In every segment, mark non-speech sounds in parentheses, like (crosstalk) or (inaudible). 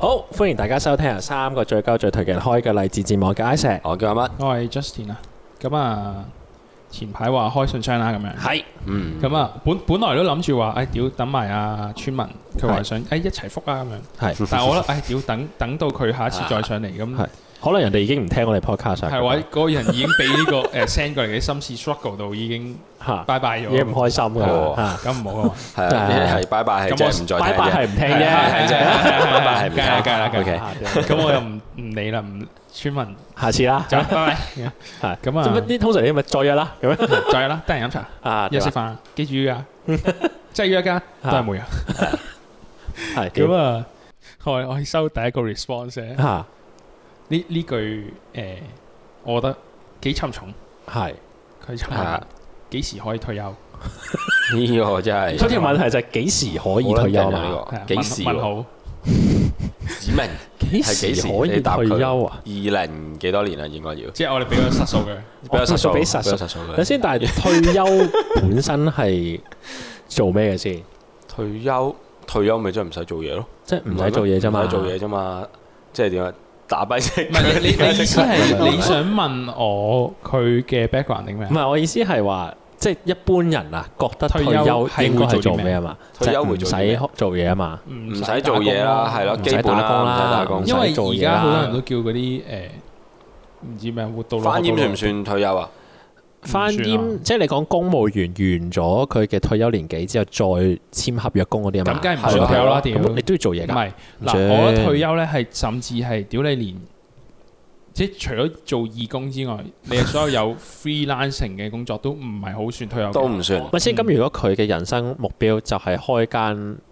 好，歡迎大家收聽三個最鳩最頹嘅人開嘅勵志節目勵志鷹。嗯、我叫阿乜？我係 Justin 啊。咁啊，前排話開信箱啦，咁樣係。嗯。咁啊，本本來都諗住話，哎，屌等埋啊，村民，佢話想哎是 一齊覆啊，咁樣係。是 但係我覺得，哎，屌等等到佢下一次再上嚟咁。是 可能人哋已經唔聽我哋 podcast，係喎，嗰個人已經俾呢個誒 send 過嚟嘅心事 struggle 到已經嚇，bye bye，有啲唔開心㗎喎，咁唔好，係係 bye bye，咁我唔再聽，bye bye 係唔聽啫，係，bye bye 係唔聽，ok，咁我又唔唔理啦，唔村民，下次啦，走，bye bye，係咁啊，做乜啲？通常你咪再約啦，咁樣再約啦，得閒飲茶啊，約食飯，記住噶，即係約㗎，都係冇用，係咁啊，我我收第一個 response 啊。呢呢句誒，我覺得幾沉重。係佢重幾時可以退休？呢個真係。所以問題就係幾時可以退休啊？幾時？問好。指明幾時可以退休啊？二零幾多年啊？應該要。即係我哋俾個實數嘅。俾實數。俾實數嘅。首先，但係退休本身係做咩嘅先？退休退休咪真係唔使做嘢咯。即係唔使做嘢啫嘛。做嘢啫嘛。即係點啊？打跛先。唔係你即你意思係 (laughs) 你想問我佢嘅 background 啲咩？唔係我意思係話，即、就、係、是、一般人啊，覺得退休應該做做咩啊嘛？退休唔使做嘢啊嘛？唔使做嘢啦，係咯，唔使打工啦，因為而家好多人都叫嗰啲誒，唔、呃、知咩活動。活動返工算唔算退休啊？翻閹，即係你講公務員完咗佢嘅退休年紀之後，再簽合約工嗰啲啊？咁梗係唔算退休啦，咁你都要做嘢噶。唔係，嗱，我退休咧係甚至係屌你連，即係除咗做義工之外，你所有有 freelancing 嘅工作都唔係好算退休。 (laughs) 都唔算。咪我、嗯、先，咁如果佢嘅人生目標就係開間？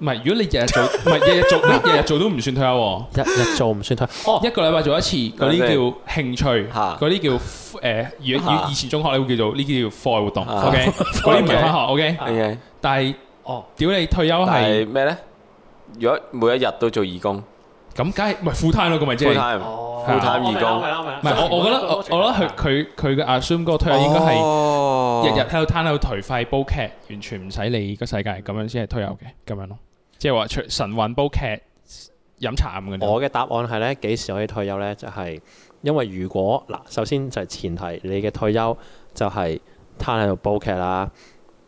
唔係，如果你日日做，唔係日日做都日日做都唔算退休。日日做唔算退休。哦，一個禮拜做一次，嗰啲叫興趣，嗰啲叫誒，如如以前中學你會叫做呢啲叫課外活動。O K，嗰啲唔係返學。O K，但係哦，屌你退休係咩咧？如果每一日都做義工，咁梗係唔係 full time 咯？咁咪即係 full time。full time 義工。唔係我我覺得我我覺得佢佢佢嘅阿孫哥退休應該係日日喺度攤喺度頹廢煲劇，完全唔使理個世界，咁樣先係退休嘅咁樣咯。即係話，除神魂煲劇飲茶咁嘅。我嘅答案係咧，幾時可以退休咧？就係、是、因為如果嗱，首先就係前提，你嘅退休就係攤喺度煲劇啦，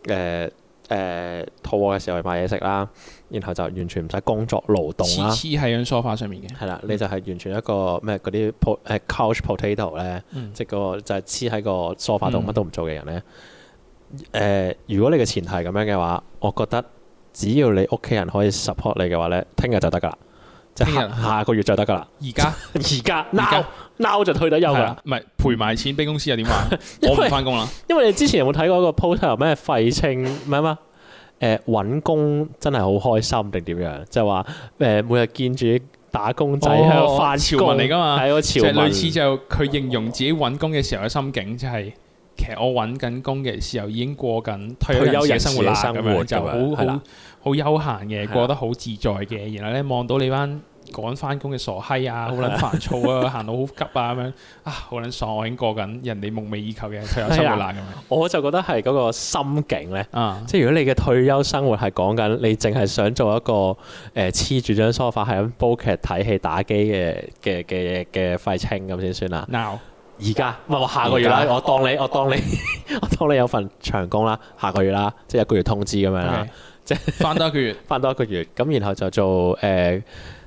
誒、呃、誒、呃，肚餓嘅時候去買嘢食啦，然後就完全唔使工作勞動啦，黐喺張梳化上面嘅。係啦，你就係完全一個咩嗰啲誒 couch potato 咧，即係個就係黐喺個梳化度乜都唔做嘅人咧。誒、嗯呃，如果你嘅前提係咁樣嘅話，我覺得。只要你屋企人可以 support 你嘅話咧，聽日就得噶啦，即係下、下個月就得噶啦。而家而家鬧鬧就退得休噶啦，唔係賠埋錢俾公司又點話？我唔翻工啦。因為你之前有冇睇過一個 post 有咩廢青咩嘛？誒揾、呃、工真係好開心定點樣？就話、係、誒、呃、每日見住打工仔喺度發潮文嚟噶嘛？係個潮文，就類似就佢形容自己揾工嘅時候嘅心境、就係，即係。其實我揾緊工嘅時候已經過緊退休人士嘅生活啦，咁樣就很的好好好休閒嘅，的過得好自在嘅。然後咧，望到你班趕翻工嘅傻閪啊，好撚的煩躁的啊，行到好急啊咁樣啊，好撚爽。我已經過緊人哋夢寐以求嘅退休生活啦，咁樣我就覺得係嗰個心境咧，嗯、即係如果你嘅退休生活係講緊你淨係想做一個誒黐住張梳化係咁煲劇睇戲打機嘅嘅嘅嘅廢青咁先算啦。而家唔係話下個月啦，在我當你，我，我當你，我， (laughs) 我當你有份長工啦，下個月啦，即、就、係、是、一個月通知咁樣啦，即係翻多一個月， (laughs) 翻多一個月，咁然後就做誒，即、呃、係、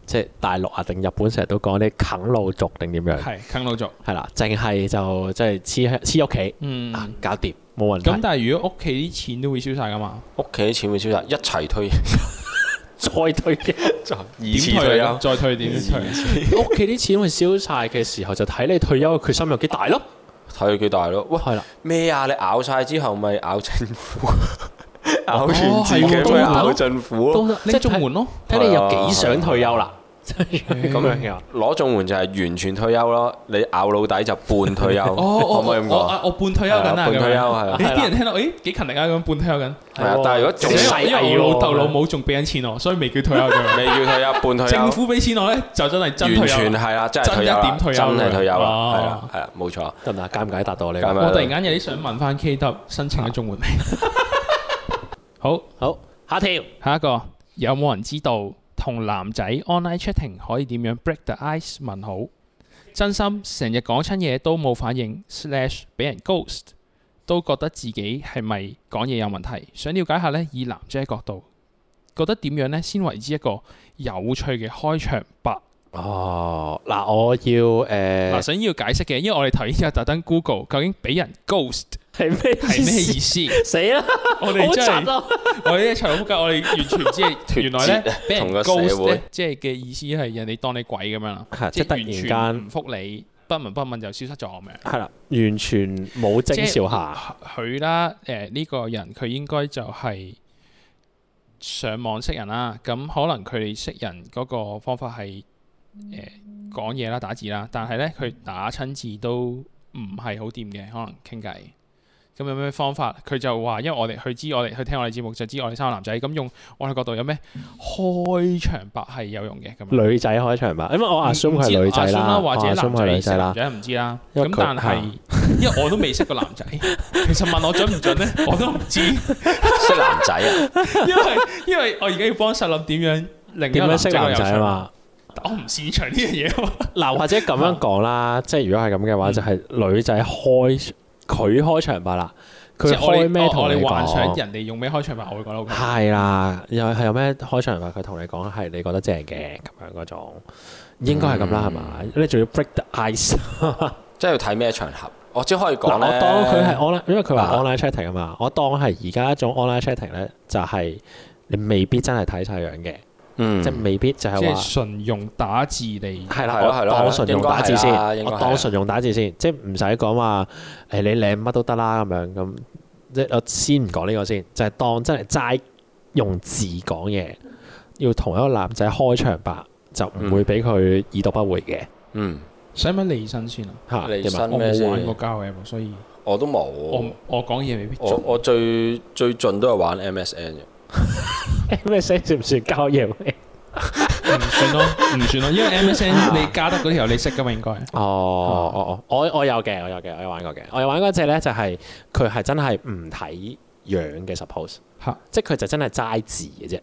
就是、大陸啊定日本成日都講啲啃老族定點樣，係啃老族，係啦，淨係就即係黐黐屋企，嗯，搞掂冇問題。咁但係如果屋企啲錢都會消曬噶嘛？屋企啲錢會消曬，一齊推。 (laughs) 再退嘅，點退休？再退點退休？屋企啲錢會燒晒嘅時候，就睇你退休嘅決心有幾大咯。睇佢幾大咯。喂，係啦。咩啊？你咬晒之後，咪咬政府。咬完自己咪咬政府咯。即係做門咯，睇你有幾想退休啦。咁樣啊！攞綜援就係完全退休咯，你咬老底就半退休。可唔可以咁講？我我半退休緊啊！半退休係啊！你啲人聽到誒幾勤力啊，咁半退休緊。係啊，但係如果仲使，因為老豆老母仲俾緊錢我，所以未叫退休未叫退休，半退休。政府俾錢我咧，就真係真退休。完全係啊，真係退休。真係退休啊！係啊，係啊，冇錯。得唔得？解唔解答到我呢？我突然間有啲想問翻 K 突申請一綜援未？好好，下條下一個有冇人知道？同男仔 online chatting 可以點樣 break the ice 問好？真心成日講親嘢都冇反應，slash 俾人 ghost，都覺得自己係咪講嘢有問題？想了解下呢，以男仔角度覺得點樣呢？先為之一個有趣嘅開場白。哦，嗱，我要誒，嗱、呃，想要解釋嘅，因為我哋頭先有特登 google 究竟俾人 ghost。係咩？係咩意思？ (laughs) 死啦！我哋真係，我哋一齊好街，我哋完全唔知係原來咧，俾人 ghost 即係嘅意思係人哋當你鬼咁樣即係是突然間唔復你，不聞不問就消失咗咩？係啦，完全冇徵兆下。佢啦，誒、呃、呢、這個人佢應該就係上網識人啦，咁可能佢哋識人嗰個方法係誒講嘢啦、打字啦，但係咧佢打親字都唔係好掂嘅，可能傾偈。咁有咩方法？佢就話：因為我哋佢知我哋去聽我哋節目，就知我哋三個男仔。咁用我哋角度有咩開場白係有用嘅？咁女仔開場白，因為我 assume 係女仔啦，或者係女仔啦，唔知啦。咁但係，因為我都未識個男仔，其實問我準唔準咧，我都唔知。識男仔啊？因為因為我而家要幫手諗點樣令個男仔有場。點樣識男仔啊？嘛，我唔擅長呢樣嘢。嗱，或者咁樣講啦，即係如果係咁嘅話，就係女仔開。佢開場白啦，佢開咩同你講？你幻想人哋用咩開場白，我會覺得我係啦，又係有咩開場白，佢同你講係，你覺得正嘅咁樣嗰種，應該係咁啦，係嘛，嗯？你仲要 break the ice， (laughs) 即係要睇咩場合。我只可以講，我當佢係 online，因為佢話 online chatting 啊嘛。啊我當係而家一種 online chatting 咧，就係你未必真係睇晒樣嘅。嗯，即係未必就係話純用打字嚟係啦係啦係啦，應該係啦，應該係啦，我當純用打字先，即係唔使講話誒，你靚乜都得啦咁樣咁，即我先唔講呢個先，就係當真係齋用字講嘢，要同一個男仔開場白就唔會俾佢已讀不回嘅。嗯，使唔使離身先啊？吓，離身我冇玩過交友，所以我都冇。我我講嘢未必。我我最最盡都係玩 MSN 嘅。M S N 算唔算交友？唔、 (laughs) (laughs) 嗯、算咯，唔算咯，因為 M S N 你加得嗰條 (laughs) 你識噶嘛，應該。哦哦哦，嗯、我我有嘅，我有嘅，我有玩過嘅。我有玩嗰隻咧，就係佢係真係唔睇樣嘅，suppose。吓哈，即係佢就真係齋字嘅啫。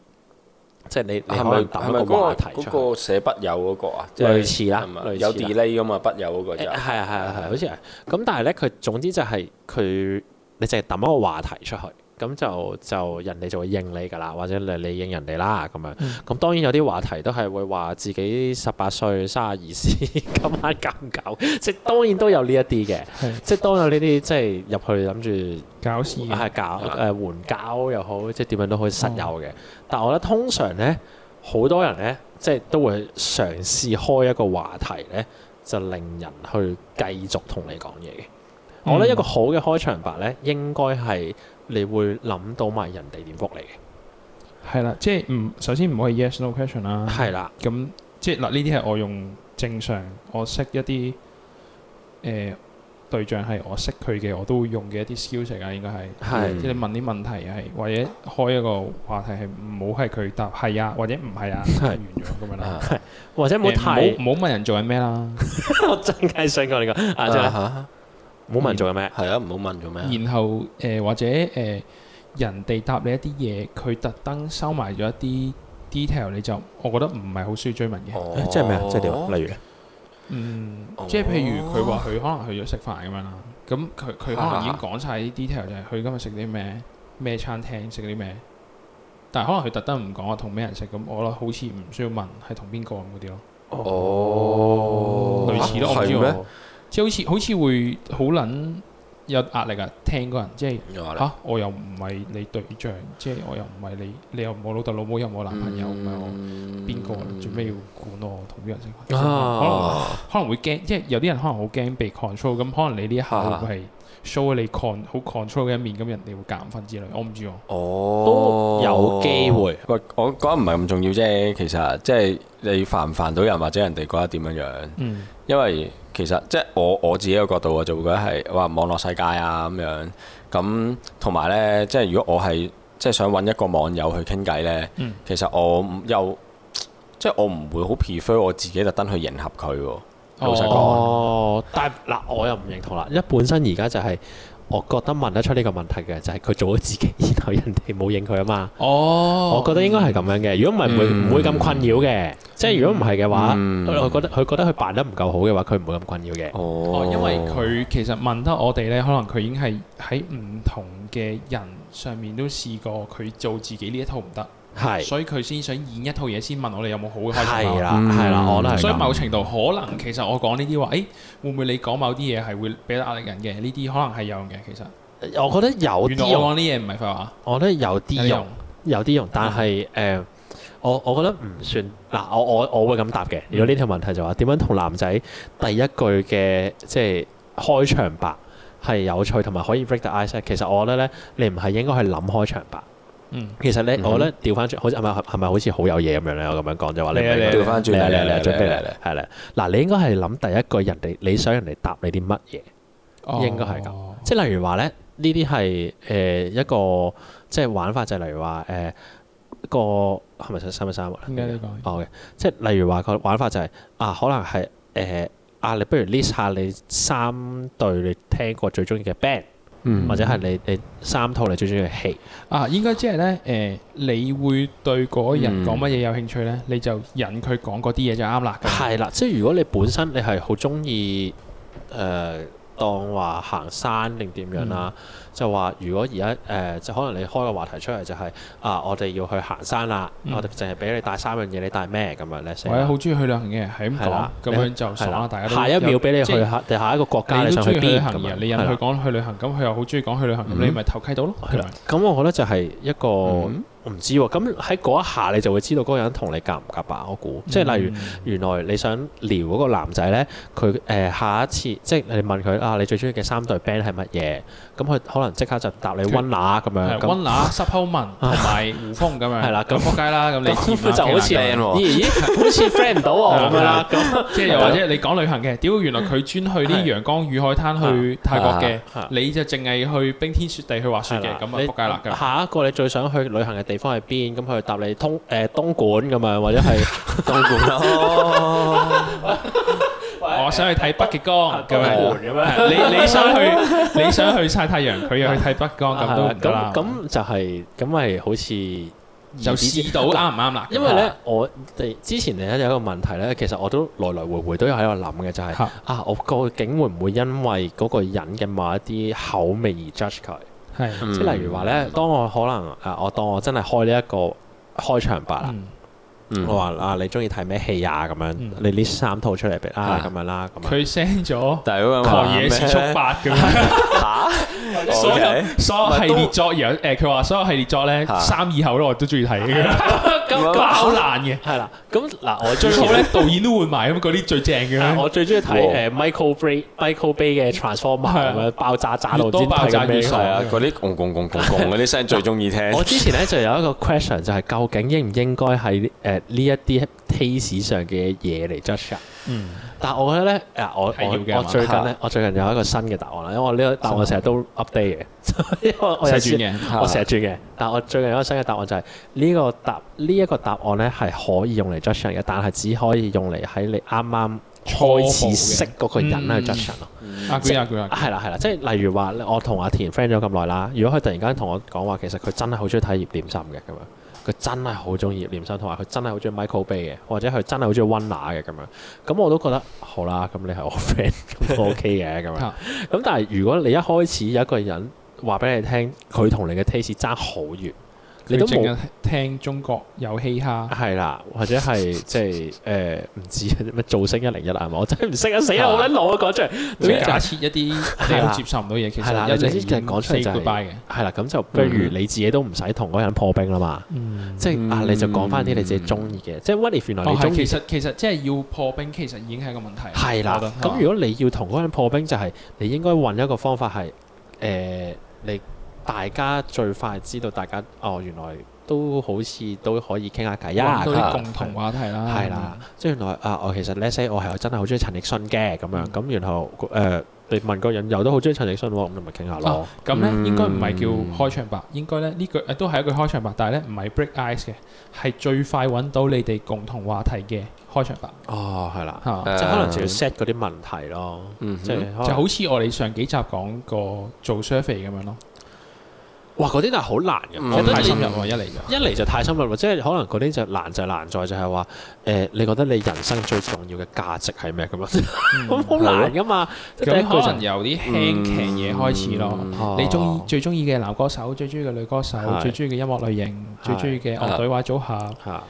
即係你，你係咪抌個話題？嗰個寫筆友嗰個啊？就是、類似啦，是是類似。有 delay 噶嘛？筆友嗰個就係啊係啊係，好似係。咁但係咧，佢總之就係佢，你淨係抌一個話題出去。咁就就人哋就會應你噶啦，或者你你應人哋啦咁樣。咁、嗯、當然有啲話題都係會話自己十八歲卅二師今晚咁搞，搞， (laughs) 即係當然都有呢一啲嘅。即係當有呢啲即係入去諗住搞事，係搞誒援交又好，即係點樣都可以實有嘅。嗯、但係我覺得通常呢，好多人呢，即係都會嘗試開一個話題呢，就令人去繼續同你講嘢嘅。嗯、我覺得一個好嘅開場白呢，應該係。你會諗到埋人哋點覆你嘅？係啦，即係唔首先唔好係 yes no question 啦。係啦，咁了即係嗱呢啲係我用正常，我識一啲誒、呃、對象係我識佢嘅，我都會用嘅一啲 skill 啊，應該係。係對即係你問啲問題啊，或者開一個話題係唔好係佢答係啊，或者唔係啊，係完咗咁樣啦。或者唔好睇唔好問人做緊咩啦， (laughs) 我真係想講你個、啊就是 (laughs) 唔好問做咩？係原啊，唔好問做咩？然後誒、呃、或者誒、呃、人哋答你一啲嘢，佢特登收埋咗一啲 detail，你就我覺得唔係好需要追問嘅、哦欸。即係咩啊？即係點？例如咧，嗯，哦、即係譬如佢話佢可能去咗食飯咁樣啦，咁佢佢可能已經講晒啲 detail，就係、是、佢今日食啲咩咩餐廳食啲咩，但係可能佢特登唔講啊，同咩人食咁，我覺得好似唔需要問係同邊個咁嗰啲咯。哦，類似咯，唔知。要。即係好似好似會好撚有壓力啊！聽個人，即係嚇、啊，我又唔係你對象，即係我又唔係你，你又冇老豆老母，又冇男朋友，唔係、嗯、我邊個？做咩要管我同啲人先？啊可，可能可能會驚，因為有啲人可能好驚被 control。咁可能你呢一下係 show 你 con 好 control 嘅一面，咁人哋會減分之類。我唔知喎，哦，都有，有機會。個、哦、我覺得唔係咁重要啫。其實即係、就是、你煩唔煩到人，或者人哋覺得點樣樣，嗯、因為。其實即係我我自己嘅角度，我就會覺得係話網絡世界啊，咁樣。咁同埋呢，即係如果我係即係想揾一個網友去傾偈呢，嗯、其實我又即係我唔會好 prefer 我自己特登去迎合佢喎。哦、老實講，但係嗱，我又唔認同啦，一本身而家就係、是。我覺得問得出呢個問題嘅就係、是、佢做咗自己，然後人哋冇應佢啊嘛。哦，我覺得應該係咁樣嘅。不不嗯、如果唔係，唔會唔會咁困擾嘅。即係如果唔係嘅話，嗯、我覺得佢覺得佢扮得唔夠好嘅話，佢唔會咁困擾嘅。哦，哦，因為佢其實問得我哋呢，可能佢已經係喺唔同嘅人上面都試過，佢做自己呢一套唔得。係，是所以佢先想演一套嘢，先問我哋有冇好開場白，係啦的，係啦、嗯，我都係。所以某程度可能其實我講呢啲話，誒、欸、會唔會你講某啲嘢係會俾得壓力人嘅？呢啲可能係有用嘅，其實、嗯。我覺得有啲用。原來我講啲嘢唔係廢話、嗯。我覺得有啲用，有啲用，但係誒，我我覺得唔算。嗱，我我我會咁答嘅。如果呢條問題就話點樣同男仔第一句嘅即係開場白係有趣同埋可以 break the ice，其實我覺得咧，你唔係應該去諗開場白。其實咧，我咧調翻轉，好似係咪係咪好似好有嘢咁樣咧？我咁樣講就話你調翻轉嚟嚟嚟，最緊嚟嚟。係咧，嗱，你應該係諗第一句人哋，你想人哋答你啲乜嘢？哦、應該係咁。即係例如話咧，呢啲係誒一個即係玩法，就例如話誒個係咪三三三？點解你講？okay，即係例如話個玩法就係、是、啊，可能係誒、呃、啊，你不如 list 下你三對你聽過最中意嘅 band。或者係你你三套你最中意嘅戲啊，應該即係咧誒，你會對嗰個人講乜嘢有興趣咧？嗯、你就引佢講嗰啲嘢就啱啦。係啦，即、就、係、係、如果你本身你係好中意誒。呃當話行山定點樣啊？就話如果而家誒，就可能你開個話題出嚟就係啊，我哋要去行山啦！我哋淨係俾你帶三樣嘢，你帶咩咁啊？你好中意去旅行嘅，係咁講咁樣就爽啦。大家下一秒俾你去下定下一個國家，你想去邊咁啊？你都中意去旅行嘅，你引佢講去旅行，咁佢又好中意講去旅行，咁你咪投契到咯。係啦，咁我覺得就係一個。我唔知喎、啊，咁喺嗰一下你就會知道嗰個人同你夾唔夾啊？我估，即係、嗯、例如原來你想撩嗰個男仔呢，佢誒、呃、下一次，即係你問佢啊，你最中意嘅三隊 band 係乜嘢？咁佢可能即刻就答你溫拿咁樣，溫拿、supplement 同埋胡蜂咁樣。係啦，咁撲街啦，咁你似乎就好似 f r 咦咦，好似 friend 唔到我咁樣啦，咁即係又或者你講旅行嘅，屌，原來佢專去啲陽光與海灘去泰國嘅，你就淨係去冰天雪地去滑雪嘅，咁啊撲街啦！下一個你最想去旅行嘅地方係邊？咁佢答你東誒東莞咁啊，或者係東莞咯。我想去睇北極光咁樣，你你想去你想去曬太陽，佢又去睇北極光，咁都唔啱。咁就係咁，咪好似就試到啱唔啱啦？因為咧，我哋之前咧有一個問題咧，其實我都來來回回都有喺度諗嘅，就係啊，我究竟會唔會因為嗰個人嘅某一啲口味而 judge 佢？係即係例如話咧，當我可能誒，我當我真係開呢一個開場白啊。我話啊，你中意睇咩戲啊？咁樣，你呢三套出嚟啊，咁樣啦，咁啊。佢 send 咗狂野時速八咁啊！所有所有系列作樣誒，佢話所有系列作咧三以後咧，我都中意睇。咁好難嘅，係啦。咁嗱，我最好咧，導演都換埋咁嗰啲最正嘅。我最中意睇誒 Michael Bay、Michael Bay 嘅 Transformers 爆炸炸到，多爆炸元素嗰啲嗰啲聲最中意聽。我之前咧就有一個 question，就係究竟應唔應該喺誒呢一啲 taste 上嘅嘢嚟 judge 㗎？嗯。但係我覺得咧，誒我我我最近咧，我最近有一個新嘅答案啦，因為我呢個答案我成日都 update 嘅，我成日轉嘅，我成日轉嘅。但我最近有一個新嘅答案就係呢個答呢。一個答案咧係可以用嚟 judge 人嘅，但係只可以用嚟喺你啱啱開始識嗰個人咧去 judge 人咯。阿軻啊軻啊，係啦係啦，嗯嗯、即係例如話，我同阿田 friend 咗咁耐啦。如果佢突然間同我講話，其實佢真係好中意睇葉念琛嘅咁樣，佢真係好中意葉念琛，同埋佢真係好中意 Michael Bay 嘅，或者佢真係好中意溫拿嘅咁樣，咁我都覺得好啦。咁你係我 friend，都 (laughs) (laughs) OK 嘅咁樣。咁但係如果你一開始有一個人話俾你聽，佢同你嘅 taste 差好遠。你都冇聽中國有嘻哈，係啦，或者係即係誒唔知咩造星一零一係嘛？我真係唔識啊！死啦，好撚老啊！講出嚟，即係假設一啲你都接受唔到嘢，其實有陣時講出嚟就係。係啦，咁就不如你自己都唔使同嗰人破冰啦嘛。即係啊，你就講翻啲你自己中意嘅。即係 Winnie 原來你中意，其實其實即係要破冰，其實已經係一個問題。係啦，咁如果你要同嗰人破冰，就係你應該揾一個方法係誒你。大家最快知道大家哦，原來都好似都可以傾下偈，揾到啲共同話題啦。係啦，即係原來啊，我其實 let's say，我係真係好中意陳奕迅嘅咁樣。咁然後誒，你問個人又都好中意陳奕迅喎，咁你咪傾下咯。咁咧應該唔係叫開場白，應該咧呢句、啊、都係一句開場白，但係咧唔係 break ice 嘅，係最快揾到你哋共同話題嘅開場白。哦，係啦，嚇、嗯，即係可能就要 set 嗰啲問題咯，即係、嗯、哼就，就好似我哋上幾集講過做 survey 咁樣咯。哇！嗰啲都係好難嘅，我太深入一嚟就一嚟就太深入，即係可能嗰啲就難就難在就係、是、話，誒、呃，你覺得你人生最重要嘅價值係咩咁樣？咁好難噶嘛，咁可能由啲輕輕嘢開始咯。你中意最中意嘅男歌手，最中意嘅女歌手，是最中意嘅音樂類型，是最中意嘅樂隊或組合，誒、啊啊、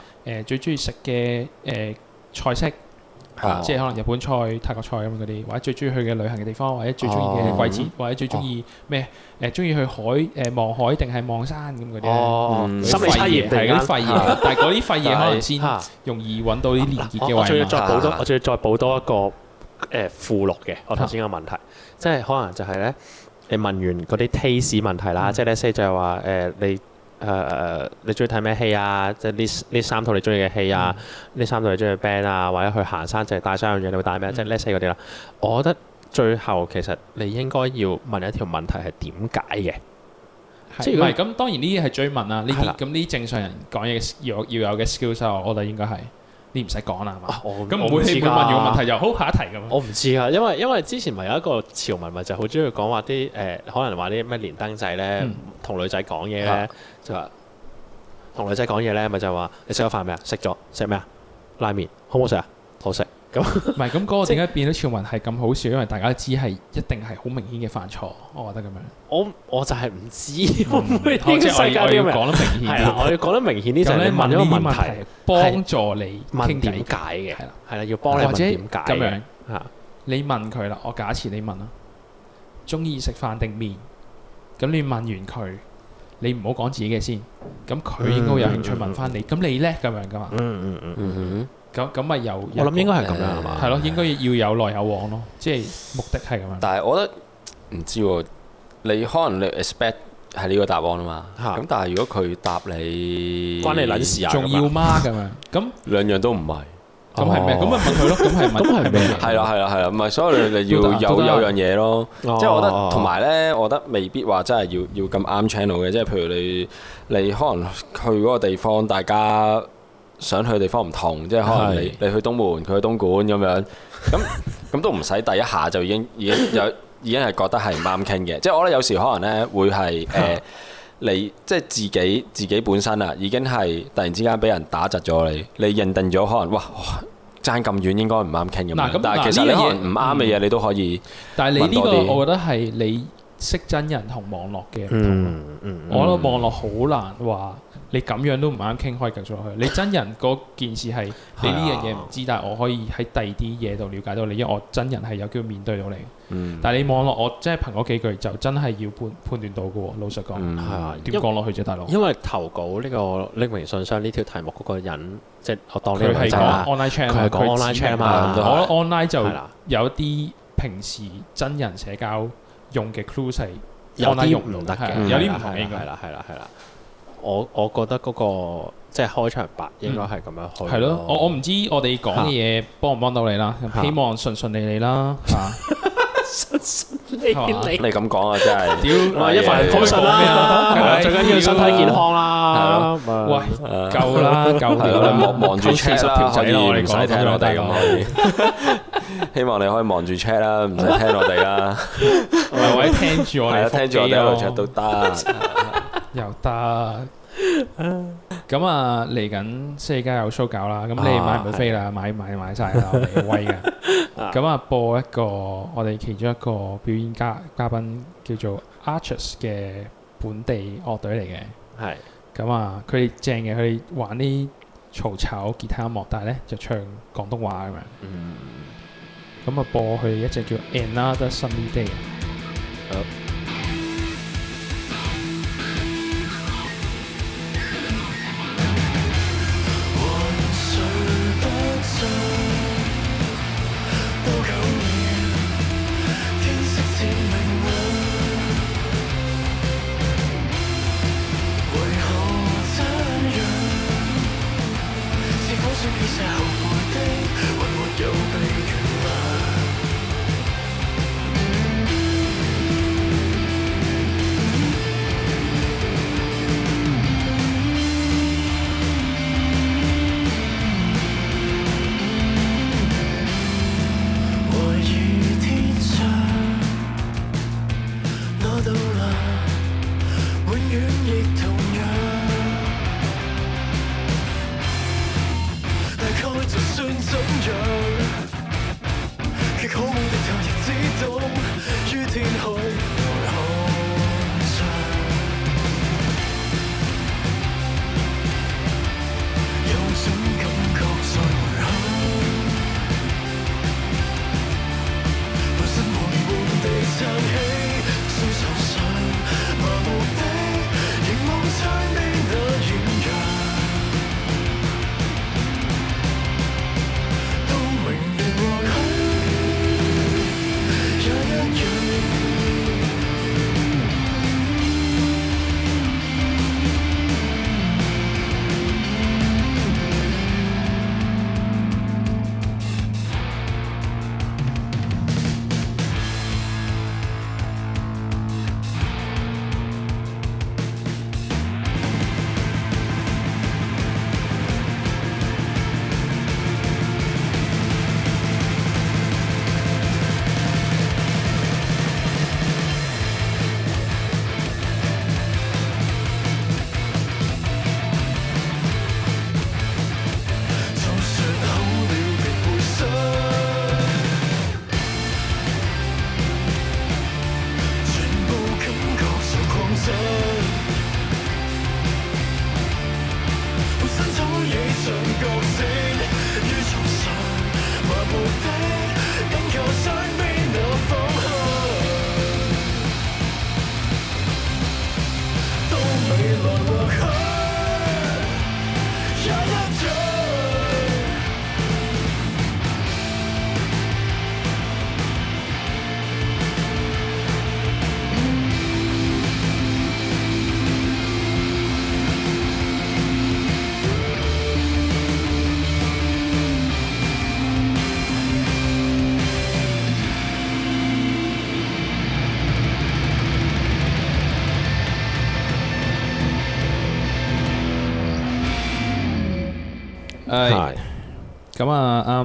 最中意食嘅誒菜式。即係可能日本菜、泰國菜咁嗰啲，或者最中意去嘅旅行嘅地方，或者最中意嘅季節，或者最中意咩？誒，中意去海誒望海定係望山咁嗰啲？哦，心理肺炎係嗰啲廢，但係嗰啲廢嘢，可能先容易揾到啲連結嘅話。我仲要再補多，我仲要再補多一個誒附錄嘅。我頭先嘅問題，即係可能就係咧，你問完嗰啲 taste 問題啦，即係咧 say 就係話誒你。誒誒，uh, 你中意睇咩戲啊？即係呢呢三套你中意嘅戲啊？呢、嗯、三套你中意 band 啊？或者去行山淨係帶三樣嘢，你會帶咩？嗯、即係呢四嗰啲啦。我覺得最後其實你應該要問一條問題係點解嘅。是即唔係咁，當然呢啲係追問啊。呢啲咁呢正常人講嘢要,要有嘅 skills、啊、我覺得應該係。你唔使講啦，係嘛、啊？咁我每次問完個問題，又好下一題咁、啊。我唔知㗎，因為因為之前咪有一個潮文咪就好中意講話啲誒，可能話啲咩連登仔咧，同、嗯、女仔講嘢咧，就話同女仔講嘢咧，咪就話你食咗飯未啊？食咗食咩啊？拉麵好唔好食啊？好食。好唔係，咁嗰 (laughs) 個點解變咗全民係咁好笑？因為大家知係一定係好明顯嘅犯錯，我覺得咁樣。我我就係唔知， (laughs) 嗯、 (laughs) 我唔呢個世界啲人係啊，我哋講得明顯呢， (laughs) 顯一 (laughs) 就係問咗個問題，幫助你傾偈嘅，係啦，要幫你問點解咁樣嚇。的你問佢啦，我假設你問啊，中意食飯定麵？咁你問完佢，你唔好講自己嘅先，咁佢應該有興趣問翻你。咁你咧咁樣噶嘛？嗯嗯嗯嗯。嗯嗯嗯咁咁咪有？我諗應該係咁樣係嘛，係咯，應該要有來有往咯，即係目的係咁樣。但係我覺得唔知，你可能你 expect 係呢個答案啊嘛。咁但係如果佢答你，關你捻事啊？仲要嗎？咁樣咁兩樣都唔係，咁係咩？咁咪問佢咯。咁係咪？咁係咩？係啦係啦係啦，唔係所以你你要有有樣嘢咯。即係我覺得同埋咧，我覺得未必話真係要要咁啱 channel 嘅。即係譬如你你可能去嗰個地方，大家。想去嘅地方唔同，即係可能你你去東門，佢去東莞咁樣，咁咁都唔使第一下就已經已經有已經係覺得係唔啱傾嘅。即係我覺得有時可能咧會係誒你即係自己自己本身啊，已經係突然之間俾人打窒咗你，你認定咗可能哇爭咁遠應該唔啱傾咁樣。但係其實呢樣唔啱嘅嘢你都可以，但係你呢個我覺得係你識真人同網絡嘅唔同咯。我覺得網絡好難話。你咁樣都唔啱傾開繼續落去。你真人嗰件事係你呢樣嘢唔知，但係我可以喺第二啲嘢度了解到你，因為我真人係有機會面對到你。但係你網絡，我即係憑嗰幾句就真係要判判斷到嘅喎。老實講。嗯，係點講落去啫，大佬？因為投稿呢個匿名信箱呢條題目嗰個人，即係我當呢個就 online chat。佢係講 online chat 啊嘛。我 online 就有啲平時真人社交用嘅 clues online 用唔得嘅，有啲唔同。應該。係啦，係啦，係啦。我我覺得嗰個即係開場白應該係咁樣去。係咯，我我唔知我哋講嘅嘢幫唔幫到你啦，希望順順利利啦。順順利利，你咁講啊，真係屌！我一份好順啦，最緊要身體健康啦。喂，夠啦夠啦，望望住 check 啦，可以唔使聽我哋咁可以。希望你可以望住 check 啦，唔使聽我哋啦。唔係，聽住我哋啊，聽住我哋落 check 都得。又得，咁啊嚟緊，即係而家有 show 搞啦，咁你買唔到飛啦，買買買曬啦，威嘅。咁啊播一個，我哋其中一個表演嘉嘉賓叫做 Arches 嘅本地樂隊嚟嘅，係。咁啊，佢哋正嘅，佢哋玩啲嘈吵吉他音樂，但係咧就唱廣東話咁樣。嗯。咁啊播佢哋一隻叫 Another Sunny Day。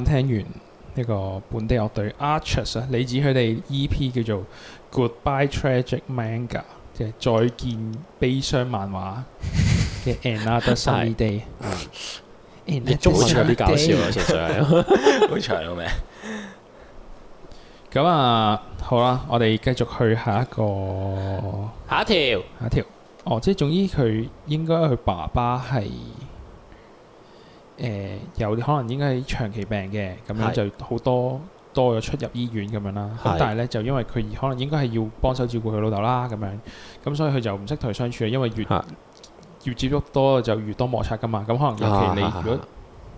聽完呢個本地樂隊 Arches 啊，你指佢哋 E.P. 叫做《Goodbye Tragic Manga》，即係再見悲傷漫畫嘅 Another Sunny Day。你中文有啲搞笑啊，其實係好長嘅咩？咁啊，好啦，我哋繼續去下一個，下一條，下一條。哦、oh，即係總之佢應該佢爸爸係。誒、呃、有可能應該係長期病嘅，咁樣是就好多多咗出入醫院咁樣啦。咁是但係咧就因為佢可能應該係要幫手照顧佢老豆啦，咁樣咁所以佢就唔識同佢相處啊。因為越、啊、越接觸多就越多摩擦㗎嘛。咁可能尤其你如果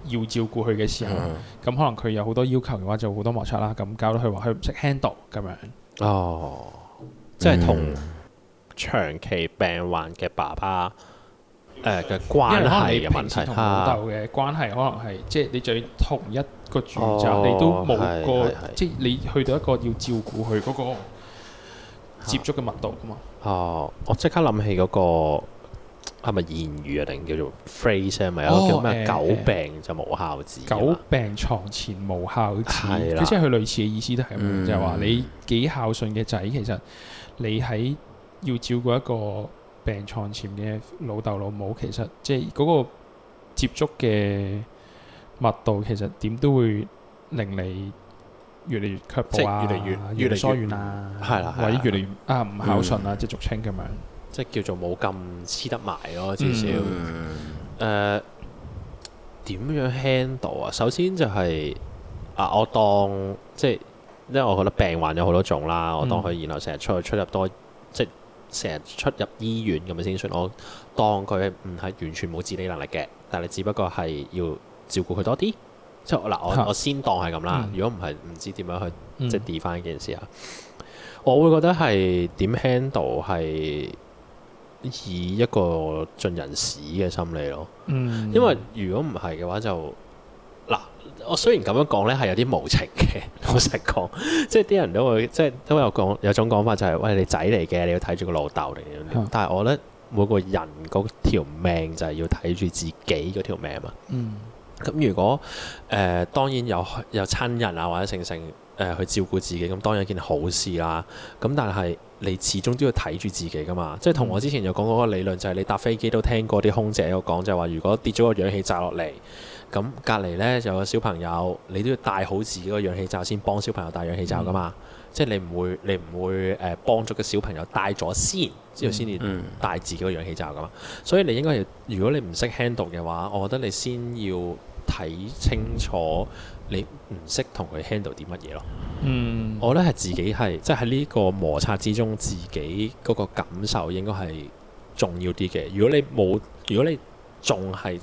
要照顧佢嘅時候，咁、啊啊啊、可能佢有好多要求嘅話，就好多摩擦啦。咁搞到佢話佢唔識 handle 咁樣。樣哦，即係是同、嗯、長期病患嘅爸爸。誒嘅、欸、關係嘅問題嚇，同老豆嘅關係可能係、啊、即係你住同一個住宅，哦、你都冇個是即係你去到一個要照顧佢嗰個接觸嘅密度啊嘛。啊！我即刻諗起嗰、那個係咪言語啊，定叫做 phrase 係咪啊？哦、叫咩？久、欸、病就無孝子，久病床前無孝子，的即係佢類似嘅意思都係咁，嗯、就係話你幾孝順嘅仔，其實你喺要照顧一個。病床前嘅老豆老母，其實即係嗰個接觸嘅密度，其實點都會令你越嚟越卻步啊，即係越嚟越越，越疏遠啊，係啦，或者越嚟越啊唔孝順啊，啊嗯、即係俗稱咁樣，即係叫做冇咁黐得埋咯，至少誒點、嗯嗯呃、樣 handle 啊？首先就係、是、啊，我當即係，因為我覺得病患有好多種啦，我當佢然後成日出去出入多。成日出入醫院咁嘅先算，我當佢唔係完全冇自理能力嘅，但係你只不過係要照顧佢多啲。即係嗱，我我先當係咁啦。嗯，如果唔係，唔知點樣去即係 deal 翻呢件事啊？我會覺得係點 handle 係以一個盡人事嘅心理咯。因為如果唔係嘅話就。我雖然咁樣講咧，係有啲無情嘅， (laughs) 老實講，即係啲人都會，即係都有講，有種講法就係、是：喂，你仔嚟嘅，你要睇住個老豆嚟。但係我覺得，每個人嗰條命就係要睇住自己嗰條命嘛。咁、嗯、如果誒、呃，當然有有親人啊，或者成成誒去照顧自己，咁當然一件好事啦、啊。咁但係你始終都要睇住自己噶嘛。即係同我之前有講過個理論，就係、是、你搭飛機都聽過啲空姐有講，就係、是、話如果跌咗個氧氣罩落嚟。咁隔離呢，就有個小朋友，你都要帶好自己個氧氣罩先幫小朋友戴氧氣罩噶嘛。嗯、即係你唔會，你唔會誒、呃、幫助個小朋友戴咗先，之後先至戴自己個氧氣罩噶嘛。嗯嗯、所以你應該係，如果你唔識 handle 嘅話，我覺得你先要睇清楚，你唔識同佢 handle 啲乜嘢咯。嗯，我覺得係自己係，即係喺呢個摩擦之中，自己嗰個感受應該係重要啲嘅。如果你冇，如果你仲係。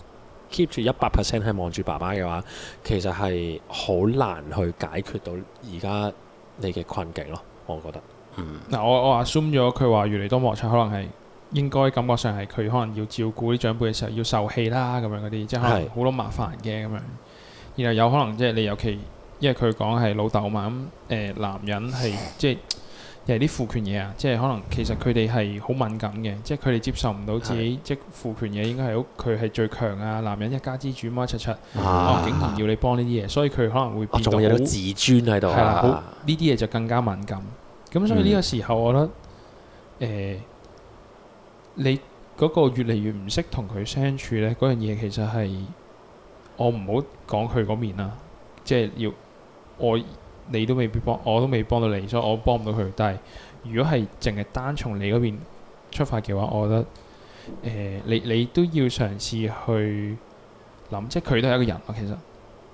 keep 住一百 percent 係望住爸爸嘅話，其實係好難去解決到而家你嘅困境咯。我覺得，嗯，嗱、嗯，我我 assume 咗佢話越嚟多摩擦，可能係應該感覺上係佢可能要照顧啲長輩嘅時候要受氣啦，咁樣嗰啲，即係好多麻煩嘅咁是樣，然後有可能即係你尤其，因為佢講係老豆嘛，咁、呃、誒男人係即係。係啲父權嘢啊，即、就、係、是、可能其實佢哋係好敏感嘅，即係佢哋接受唔到自己即父是、啊、權嘢應該係屋佢係最強啊，男人一家之主乜七七，哦、啊啊、竟然要你幫呢啲嘢，所以佢可能會變、啊、有自尊喺度，係啦、啊啊，呢啲嘢就更加敏感。咁所以呢個時候，我覺得誒、嗯呃，你嗰個越嚟越唔識同佢相處呢，嗰樣嘢其實係我唔好講佢嗰面啦，即、就、係、是、要我。你都未必幫，我都未幫到你，所以我幫唔到佢。但係如果係淨係單從你嗰邊出發嘅話，我覺得誒、呃，你你都要嘗試去諗，即係佢都係一個人啊，其實，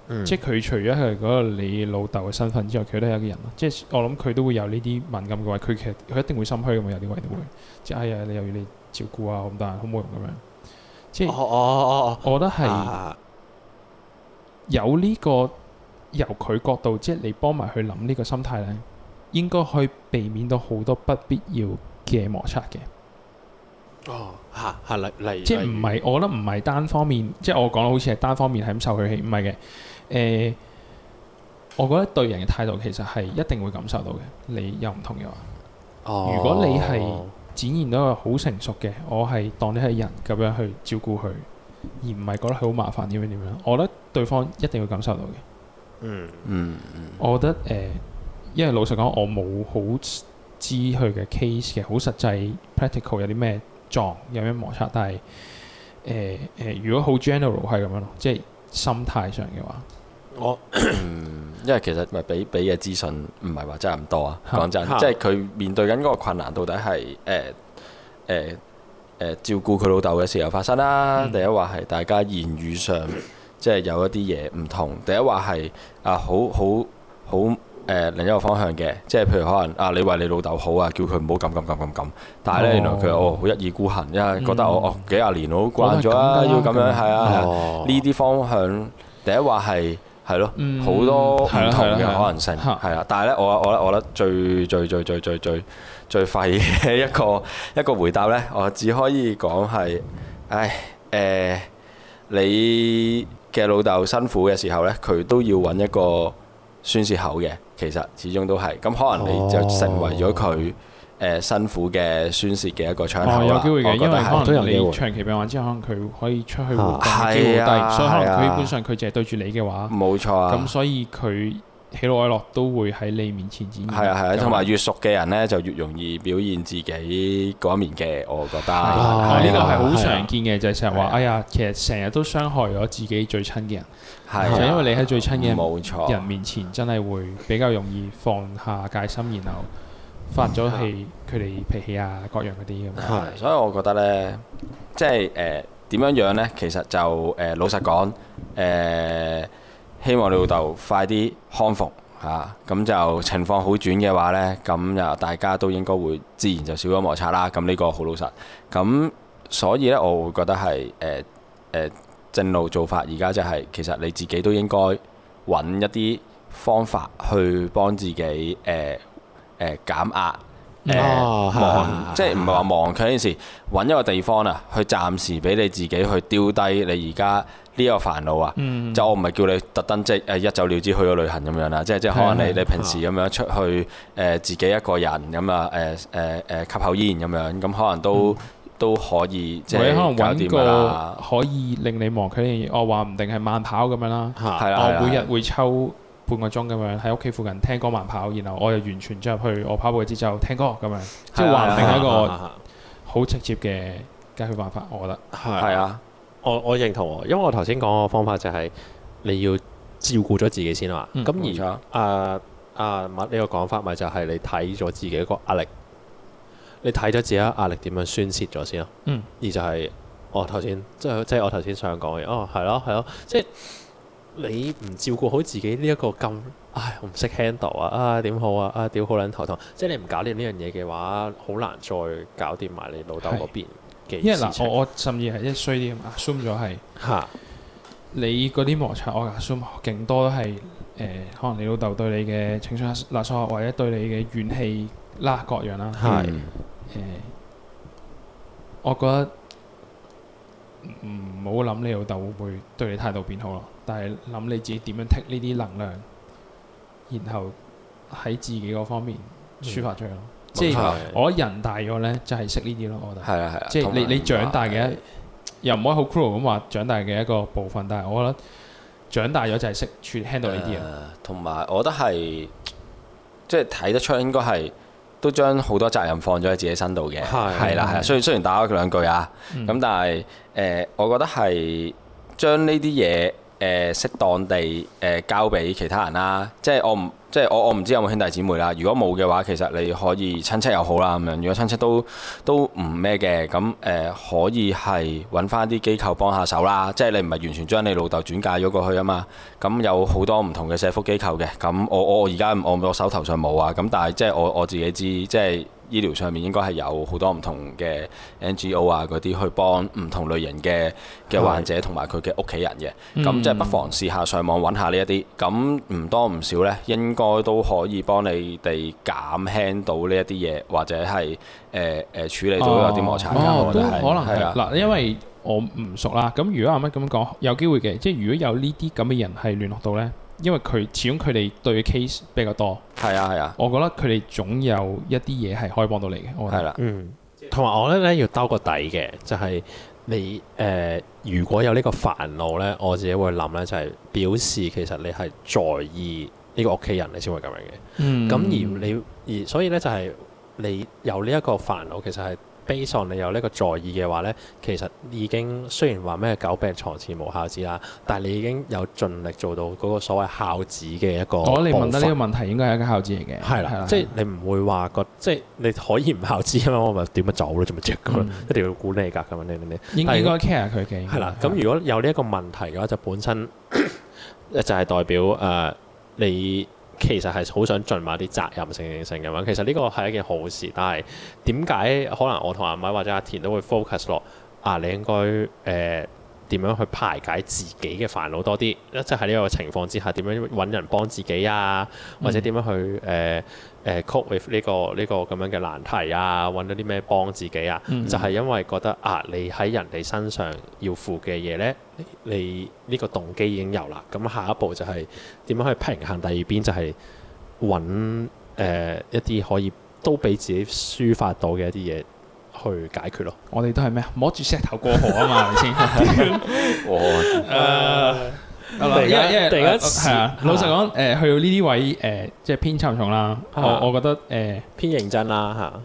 嗯、即係佢除咗係嗰個你老豆嘅身份之外，佢都係一個人咯。即係我諗佢都會有呢啲敏感嘅位，佢其實佢一定會心虛嘅嘛，有啲位都會。即係哎呀，你又要你照顧啊，咁但係好冇用咁樣。即係我我我覺得係有呢、呢個。由佢角度，即係你幫埋去諗呢個心態咧，應該可以避免到好多不必要嘅摩擦嘅。哦，吓吓例例，即係唔係？我覺得唔係單方面，即係我講得好似係單方面係咁受佢氣，唔係嘅。誒、呃，我覺得對人嘅態度其實係一定會感受到嘅。你又唔同嘅話，哦、如果你係展現到一個好成熟嘅，我係當你係人咁樣去照顧佢，而唔係覺得佢好麻煩，點樣點樣，我覺得對方一定會感受到嘅。嗯嗯，嗯我覺得誒、呃，因為老實講，我冇好知佢嘅 case 嘅好實際 practical 有啲咩撞有咩摩擦，但係誒誒，如果好 general 係咁樣咯，即係心態上嘅話，我因為其實咪俾俾嘅資訊唔係話真係咁多啊，講是真，即係佢面對緊嗰個困難到底係誒誒誒照顧佢老豆嘅時候發生啦，嗯、第一話係大家言語上。即係有一啲嘢唔同，第一話係啊好好好誒另一個方向嘅，即係譬如可能啊你為你老豆好啊，叫佢唔好咁咁咁咁，但係呢，原來佢哦好一意孤行，因為覺得我我幾廿年我都慣咗啊，要咁樣係啊，呢啲方向第一話係係咯好多唔同嘅可能性係啊，但係呢，我我我覺得最最最最最最最廢嘅一個一個回答呢，我只可以講係唉誒你。嘅老豆辛苦嘅時候呢，佢都要揾一個宣泄口嘅，其實始終都係咁，可能你就成為咗佢誒辛苦嘅宣泄嘅一個窗口、哦、有機會嘅，因為可能你長期病患之後，可能佢可以出去活動、啊、機會低，啊、所以可能佢基本上佢淨係對住你嘅話，冇錯啊。咁所以佢。喜怒哀樂都會喺你面前展現。係啊係，同埋越熟嘅人咧，就越容易表現自己嗰一面嘅，我覺得。呢個係好常見嘅，就係成日話：哎呀，其實成日都傷害咗自己最親嘅人。係。就因為你喺最親嘅人面前，真係會比較容易放下戒心，然後發咗氣，佢哋脾氣啊，各樣嗰啲咁。係。所以我覺得咧，即係誒點樣樣咧，其實就誒老實講誒。希望你老豆快啲康復吓，咁、啊、就情況好轉嘅話呢，咁又大家都應該會自然就少咗摩擦啦。咁呢個好老實。咁所以呢，我會覺得係誒誒正路做法、就是。而家就係其實你自己都應該揾一啲方法去幫自己誒誒、呃呃、減壓，即係唔係話忙佢呢、啊、件事，揾一個地方啊，去暫時俾你自己去丟低你而家。呢個煩惱啊，就我唔係叫你特登即係一走了之去個旅行咁樣啦，即係即係可能你你平時咁樣出去誒自己一個人咁啊誒誒誒吸口煙咁樣，咁可能都都可以即係可能搵個可以令你忘卻呢啲嘢，我話唔定係慢跑咁樣啦。我每日會抽半個鐘咁樣喺屋企附近聽歌慢跑，然後我又完全進入去我跑步嘅節奏聽歌咁樣，即係話係一個好直接嘅解決辦法，我覺得係啊。我我認同，因為我頭先講個方法就係你要照顧咗自己先啊嘛。咁、嗯、而仲誒錯啊物呢、啊這個講法咪就係你睇咗自己個壓力，你睇咗自己壓力點樣宣泄咗先咯、啊。嗯，而就係我頭先即係即係我頭先想講嘅哦，係咯係咯，即係、啊啊啊啊啊啊、你唔照顧好自己呢一個咁唉，我唔識 handle 啊啊點好啊啊屌好撚頭痛！即係你唔搞掂呢樣嘢嘅話，好難再搞掂埋你老豆嗰邊。因為嗱，情我我甚至係一衰啲啊，assume 咗係， (laughs) 你嗰啲摩擦，我 assume 勁多都係誒、呃，可能你老豆對你嘅情緒勒索或者對你嘅怨氣啦，各樣啦，係誒，我覺得唔好諗你老豆會唔會對你態度變好咯，但係諗你自己點樣剔呢啲能量，然後喺自己嗰方面抒發出嚟咯。嗯即係我人大咗呢，就係識呢啲咯。我覺得，的即係你你長大嘅，又唔可以好 cruel 咁話長大嘅一個部分。但係我覺得長大咗就係識處理呢啲啊。同埋、呃、我覺得係即係睇得出應該係都將好多責任放咗喺自己身度嘅。係啦的，係啦。雖的雖然打咗佢兩句啊，咁、嗯、但係誒、呃，我覺得係將呢啲嘢。誒適當地誒交俾其他人啦，即係我唔即係我我唔知有冇兄弟姊妹啦。如果冇嘅話，其實你可以親戚又好啦咁樣。如果親戚都都唔咩嘅，咁誒、呃、可以係揾翻啲機構幫下手啦。即係你唔係完全將你老豆轉嫁咗過去啊嘛。咁有好多唔同嘅社福機構嘅。咁我我而家我我手頭上冇啊。咁但係即係我我自己知即係。醫療上面應該係有好多唔同嘅 NGO 啊嗰啲去幫唔同類型嘅嘅患者同埋佢嘅屋企人嘅，咁的即係不妨試下上網揾下呢一啲，咁唔多唔少呢，應該都可以幫你哋減輕到呢一啲嘢，或者係誒、呃、處理到有啲摩擦㗎，都可能係。嗱、啊，因為我唔熟啦，咁如果阿乜咁講，有機會嘅，即係如果有呢啲咁嘅人係聯絡到呢。因為佢始終佢哋對 case 比較多，係啊係啊，啊我覺得佢哋總有一啲嘢係可以幫到你嘅，我覺得係啦，啊、嗯，同埋我覺得咧要兜個底嘅，就係、是、你誒、呃、如果有呢個煩惱咧，我自己會諗咧就係、是、表示其實你係在意呢個屋企人，你先會咁樣嘅，嗯，咁而你而所以咧就係、是、你有呢一個煩惱，其實係。悲喪你有呢個在意嘅話呢，其實已經雖然話咩久病床前無孝子啦，但係你已經有盡力做到嗰個所謂孝子嘅一個。如果你問得呢個問題應該係一個孝子嚟嘅。係啦，即係你唔會話個，即係你可以唔孝子啊嘛，我咪點咪走咯，做咪著佢，一定要顧你㗎咁樣，你你你。你應，該應該 care 佢嘅。係啦，咁如果有呢一個問題嘅話，就本身 (laughs) 就係代表誒、uh, 你。其實係好想盡埋啲責任性性嘅嘛，其實呢個係一件好事，但係點解可能我同阿米或者阿田都會 focus 落啊？你應該誒點樣去排解自己嘅煩惱多啲？即係呢個情況之下，點樣揾人幫自己啊？嗯、或者點樣去誒？呃誒、uh, cope with 呢個呢個咁樣嘅難題啊，揾到啲咩幫自己啊？就係因為覺得啊，你喺人哋身上要付嘅嘢咧，你呢個動機已經有啦。咁、uh, 下一步就係點樣去平衡第二邊，就係揾誒一啲可以都俾自己抒發到嘅一啲嘢去解決咯。我哋都係咩摸住石頭過河啊嘛，係咪先？第一，第一係啊！老實講，誒，是啊、去到呢啲位，誒、呃，即係偏沉重啦。是啊、我我覺得，誒、呃，偏認真啦吓。啊、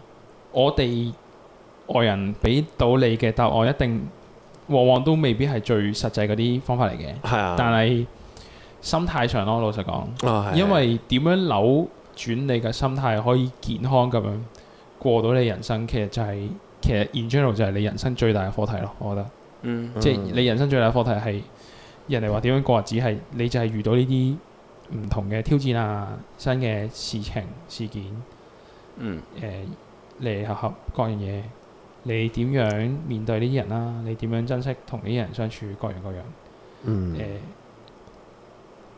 我哋外人俾到你嘅答案，一定往往都未必係最實際嗰啲方法嚟嘅。係是啊，但。但係心態上咯，老實講，因為點樣扭轉你嘅心態，可以健康咁樣過到你人生，其實就係、是、其實 in general 就係你人生最大嘅課題咯。我覺得，嗯，即、嗯、係你人生最大嘅課題係。人哋話點樣過日子係，你就係遇到呢啲唔同嘅挑戰啊，新嘅事情事件，嗯，誒、呃，你合合各樣嘢，你點樣面對呢啲人啦、啊？你點樣珍惜同呢啲人相處各樣各樣、各樣？嗯，誒、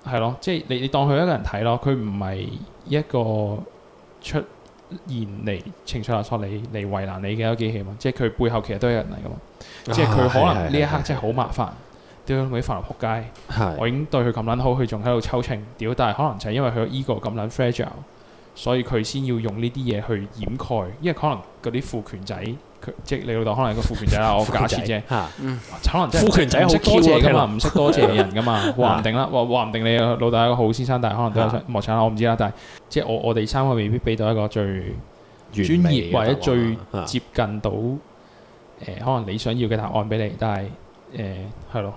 呃，係咯，即係你你當佢一個人睇咯，佢唔係一個出現嚟情緒勒索你嚟為難你嘅一個機器嘛，即係佢背後其實都係人嚟㗎嘛，啊、即係佢可能呢一刻真係好麻煩。啊啲飯落撲街，我已經對佢咁撚好，佢仲喺度抽情屌！但係可能就係因為佢依個咁撚 fragile，所以佢先要用呢啲嘢去掩蓋。因為可能嗰啲富權仔，即係你老豆可能係個富權仔啊，我假設啫，可能真係富權仔好多謝㗎嘛，唔識多謝人㗎嘛，話唔定啦，話話唔定你老豆係一個好先生，但係可能都有摩擦，我唔知啦。但係即係我我哋三個未必俾到一個最專業或者最接近到誒可能你想要嘅答案俾你，但係誒係咯。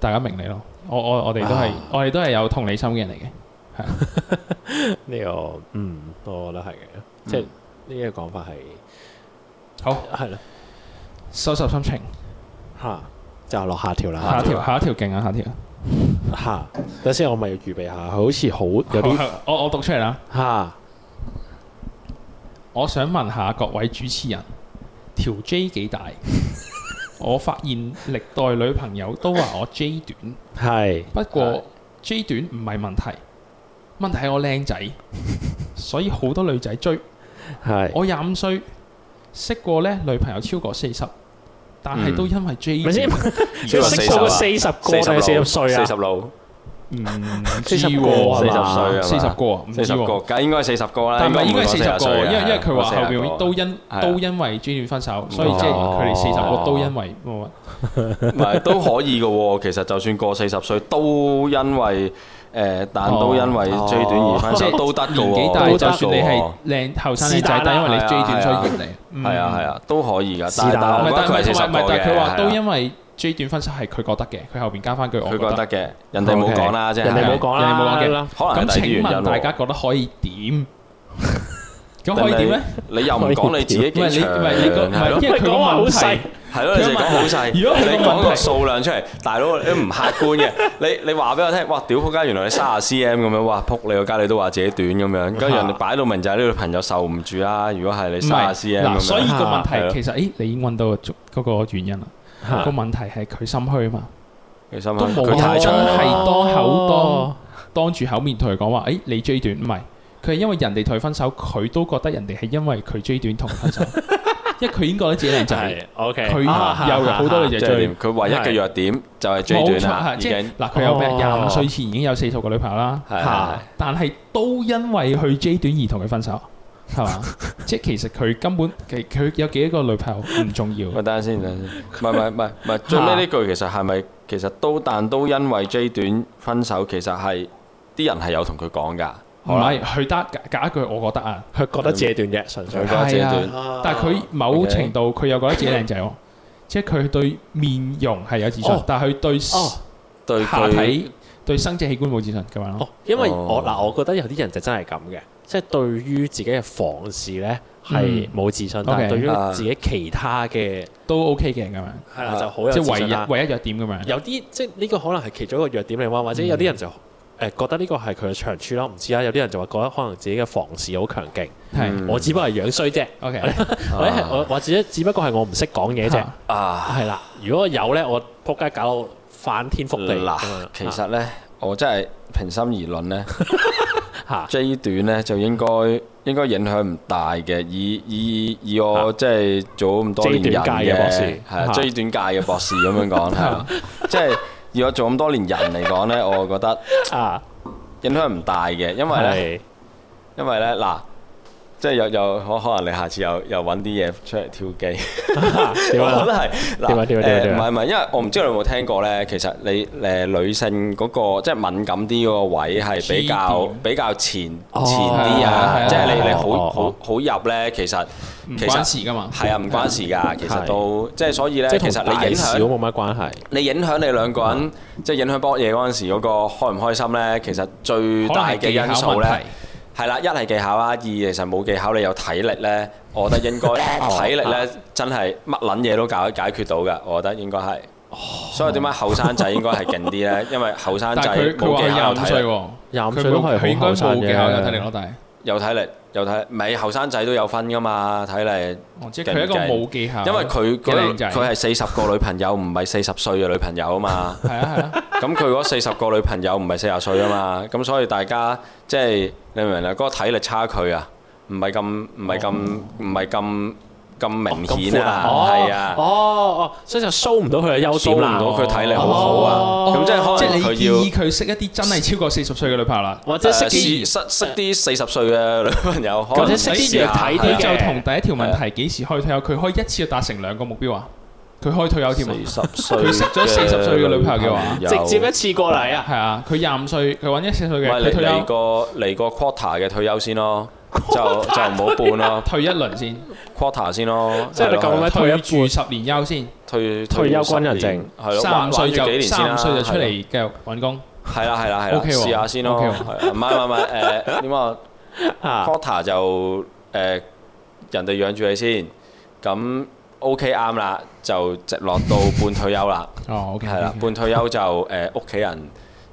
大家明理咯，我我我哋都係，我哋都係、啊、有同理心嘅人嚟嘅。呢、 (laughs) 呢個唔多啦，係、嗯、嘅，嗯、即係呢個講法係好係啦。收拾了心情，吓、啊、就落下條啦，下條下一條勁啊，下條吓。等先，我咪要預備下，好似好有啲，我我讀出嚟啦。吓、啊，我想問下各位主持人，條 J 幾大？ (laughs) 我發現歷代女朋友都話我 J 短，係是不過是 J 短唔係問題，問題係我靚仔， (laughs) 所以好多女仔追。係是我廿五歲識過呢女朋友超過四十，但係都因為 J 短，要、嗯、識超過四十個四十歲啊？四十六。嗯，四十個，四十歲，四十個，四十個，梗應該係四十個啦。但係唔係應該係四十個？因為因為佢話後邊都因都因為最短分手，所以即係佢哋四十個都因為唔係都可以嘅喎。其實就算過四十歲，都因為誒，但都因為最短而分手，即係都得年紀大，就算你係靚後生仔，但因為你最短所以認你。係啊係啊，都可以㗎。但係但係但係但係佢話都因為。J 短分手係佢覺得嘅，佢後邊加翻句我覺得嘅，人哋冇講啦，即係人哋冇講啦，冇講啦。咁請問大家覺得可以點？咁可以點咧？你又唔講你自己嘅唔係你唔係你個，因為講問題係咯，你講好細。如果你講個數量出嚟，大佬你唔客觀嘅，你你話俾我聽，哇！屌仆街，原來你三十 CM 咁樣，哇！仆你個街你都話自己短咁樣，跟住人哋擺到明就係呢個朋友受唔住啦。如果係你三十 CM，嗱，所以個問題其實誒，你已經揾到嗰個原因啦。個問題係佢心虛嘛？佢心都冇，真係多口多，當住口面同佢講話：，誒，你 J 短唔係？佢係因為人哋同佢分手，佢都覺得人哋係因為佢 J 短同佢分手，因為佢已經覺得自己靚仔。O K，佢有好多嘅弱點，佢唯一嘅弱點就係 J 短啦。嗱，佢有咩？廿五歲前已經有四十個女朋友啦，但係都因為佢 J 短而同佢分手。係嘛？即係其實佢根本其佢有幾多個女朋友唔重要。咪等下先，等先。唔係唔係唔係，最尾呢句其實係咪？其實都但都因為 J 短分手，其實係啲人係有同佢講噶。唔係，佢得假一句，我覺得啊，佢覺得 J 短嘅純粹係啊。但係佢某程度佢又覺得自己靚仔，即係佢對面容係有自信，但係佢對對下體對生殖器官冇自信咁樣咯。因為我嗱，我覺得有啲人就真係咁嘅。即係對於自己嘅房事咧係冇自信，但係對於自己其他嘅都 OK 嘅咁樣，係啊就好有自信啦。即係唯一唯一弱點咁樣。有啲即係呢個可能係其中一個弱點嚟嘛。或者有啲人就誒覺得呢個係佢嘅長處咯。唔知啊，有啲人就話覺得可能自己嘅房事好強勁，係我只不過係樣衰啫。OK，或者我或者只不過係我唔識講嘢啫。啊，係啦，如果有咧，我撲街搞到翻天覆地喇。其實咧，我真係平心而論咧。J 短咧就應該應該影響唔大嘅，以以以我、啊、即係做咁多年人嘅博士，係啊，J 短界嘅博士咁樣講，係 (laughs) 即係以我做咁多年人嚟講咧，我覺得啊影響唔大嘅，因為咧，的因為咧嗱。即係又有可可能你下次又又揾啲嘢出嚟挑機，我都係，點啊點唔係唔係，因為我唔知你有冇聽過咧。其實你誒女性嗰個即係敏感啲個位係比較比較前前啲啊，即係你你好好好入咧，其實唔關事噶嘛。係啊，唔關事噶，其實都即係所以咧，其實你影響都冇乜關係。你影響你兩個人即係影響波嘢嗰陣時嗰個開唔開心咧，其實最大嘅因素咧。係啦，一係技巧啦，二其實冇技巧你有體力咧，我覺得應該體力咧真係乜撚嘢都搞解決到嘅，我覺得應該係。所以點解後生仔應該係勁啲咧？因為後生仔冇技巧有體力。廿五歲，廿五歲都係後生嘅。有體力，有體力咪後生仔都有分㗎嘛？體力。睇嚟，佢係一個冇技巧。因為佢佢佢係四十個女朋友，唔係四十歲嘅女朋友啊嘛。係啊係啊。咁佢嗰四十個女朋友唔係四十歲啊嘛。咁所以大家即係。你明唔明啊？嗰個體力差距啊，唔係咁，唔係咁，唔係咁咁明顯啊，係啊，哦哦，所以就 show 唔到佢嘅優點，唔到佢體力好好啊，咁即係可能你建議佢識一啲真係超過四十歲嘅女朋友，或者識啲四十歲嘅女朋友，或者識啲弱睇啲就同第一條問題幾時可以睇下，佢可以一次要達成兩個目標啊！佢可以退休添，佢識咗四十歲嘅女朋友，直接一次過嚟啊！係啊，佢廿五歲，佢搵一四十歲嘅。唔退嚟個嚟個 quota 嘅退休先咯，就就唔好半咯。退一輪先 quota 先咯，即係你咁樣退住十年休先。退退休軍人證係咯，三五歲就，幾年先啦，三五歲就出嚟繼續搵工。係啦係啦係啦，試下先咯。唔係唔係誒點啊 quota 就誒人哋養住你先咁。O K 啱啦，就直落到半退休啦，哦，OK，係啦，半退休就誒屋企人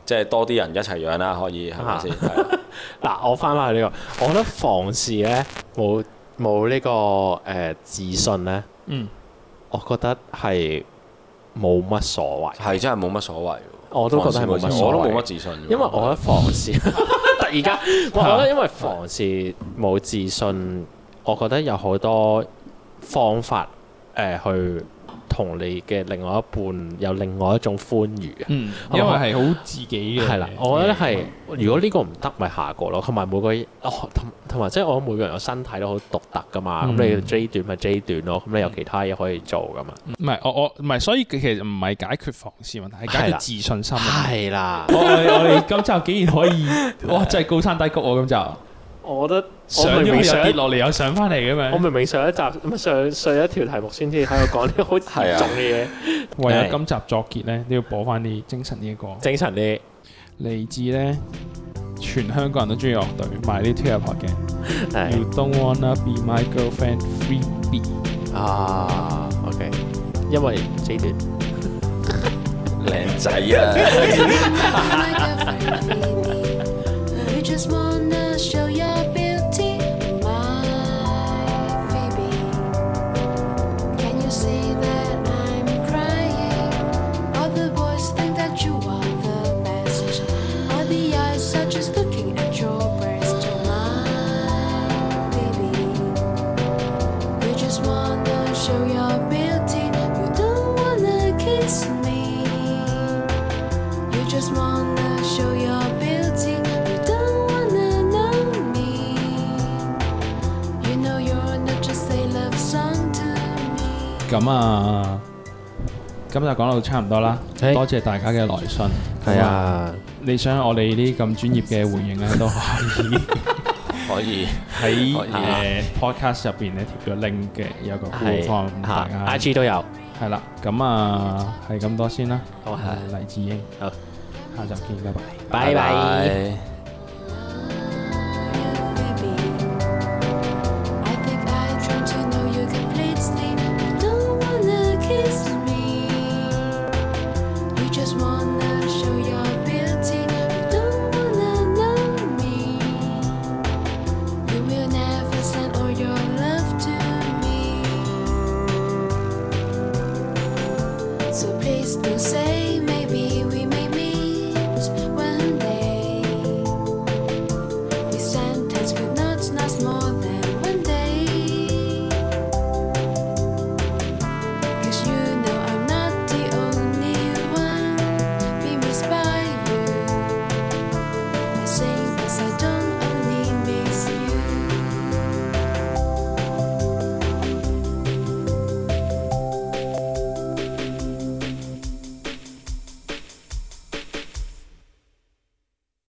即係多啲人一齊養啦，可以係咪先？嗱，我翻返去呢個，我覺得房事咧冇冇呢個誒自信咧。嗯，我覺得係冇乜所謂，係真係冇乜所謂。我都覺得係冇乜，我都冇乜自信。因為我覺得房事，突然間，我覺得因為房事冇自信，我覺得有好多方法。誒，去同你嘅另外一半有另外一種歡愉啊！嗯，因為係好自己嘅。係啦，我覺得係，嗯、如果呢個唔得，咪下個咯。同埋每個，同同埋即係我每個人嘅身體都好獨特噶嘛。咁、嗯、你 J 短咪 J 短咯。咁你有其他嘢可以做噶嘛？唔係，我我唔係，所以其實唔係解決房事問題，係解決自信心。係啦，我我今集竟然可以，哇！真係高山低谷啊！今集。我覺得上 我明明跌落嚟又上翻嚟嘅嘛，我明明上一集咁，上上一條題目先，至喺度講啲好重嘅嘢，唯有今集作結咧，都要播翻啲精神啲嘅歌。精神啲嚟自咧，全香港人都中意樂隊 my little airport 嘅。You don't wanna be my girlfriend, Phoebe 啊，OK，因為最叻靚仔啊！ (laughs) (laughs) 咁啊，咁就講到差唔多啦。多謝大家嘅來信。係啊，你想我哋呢咁專業嘅回應咧都可以，可以喺 podcast 入邊咧貼咗 link 嘅，有個官方 IG 都有。係啦，咁啊，係咁多先啦。好，勵志鷹，好，下集見，拜拜，拜拜。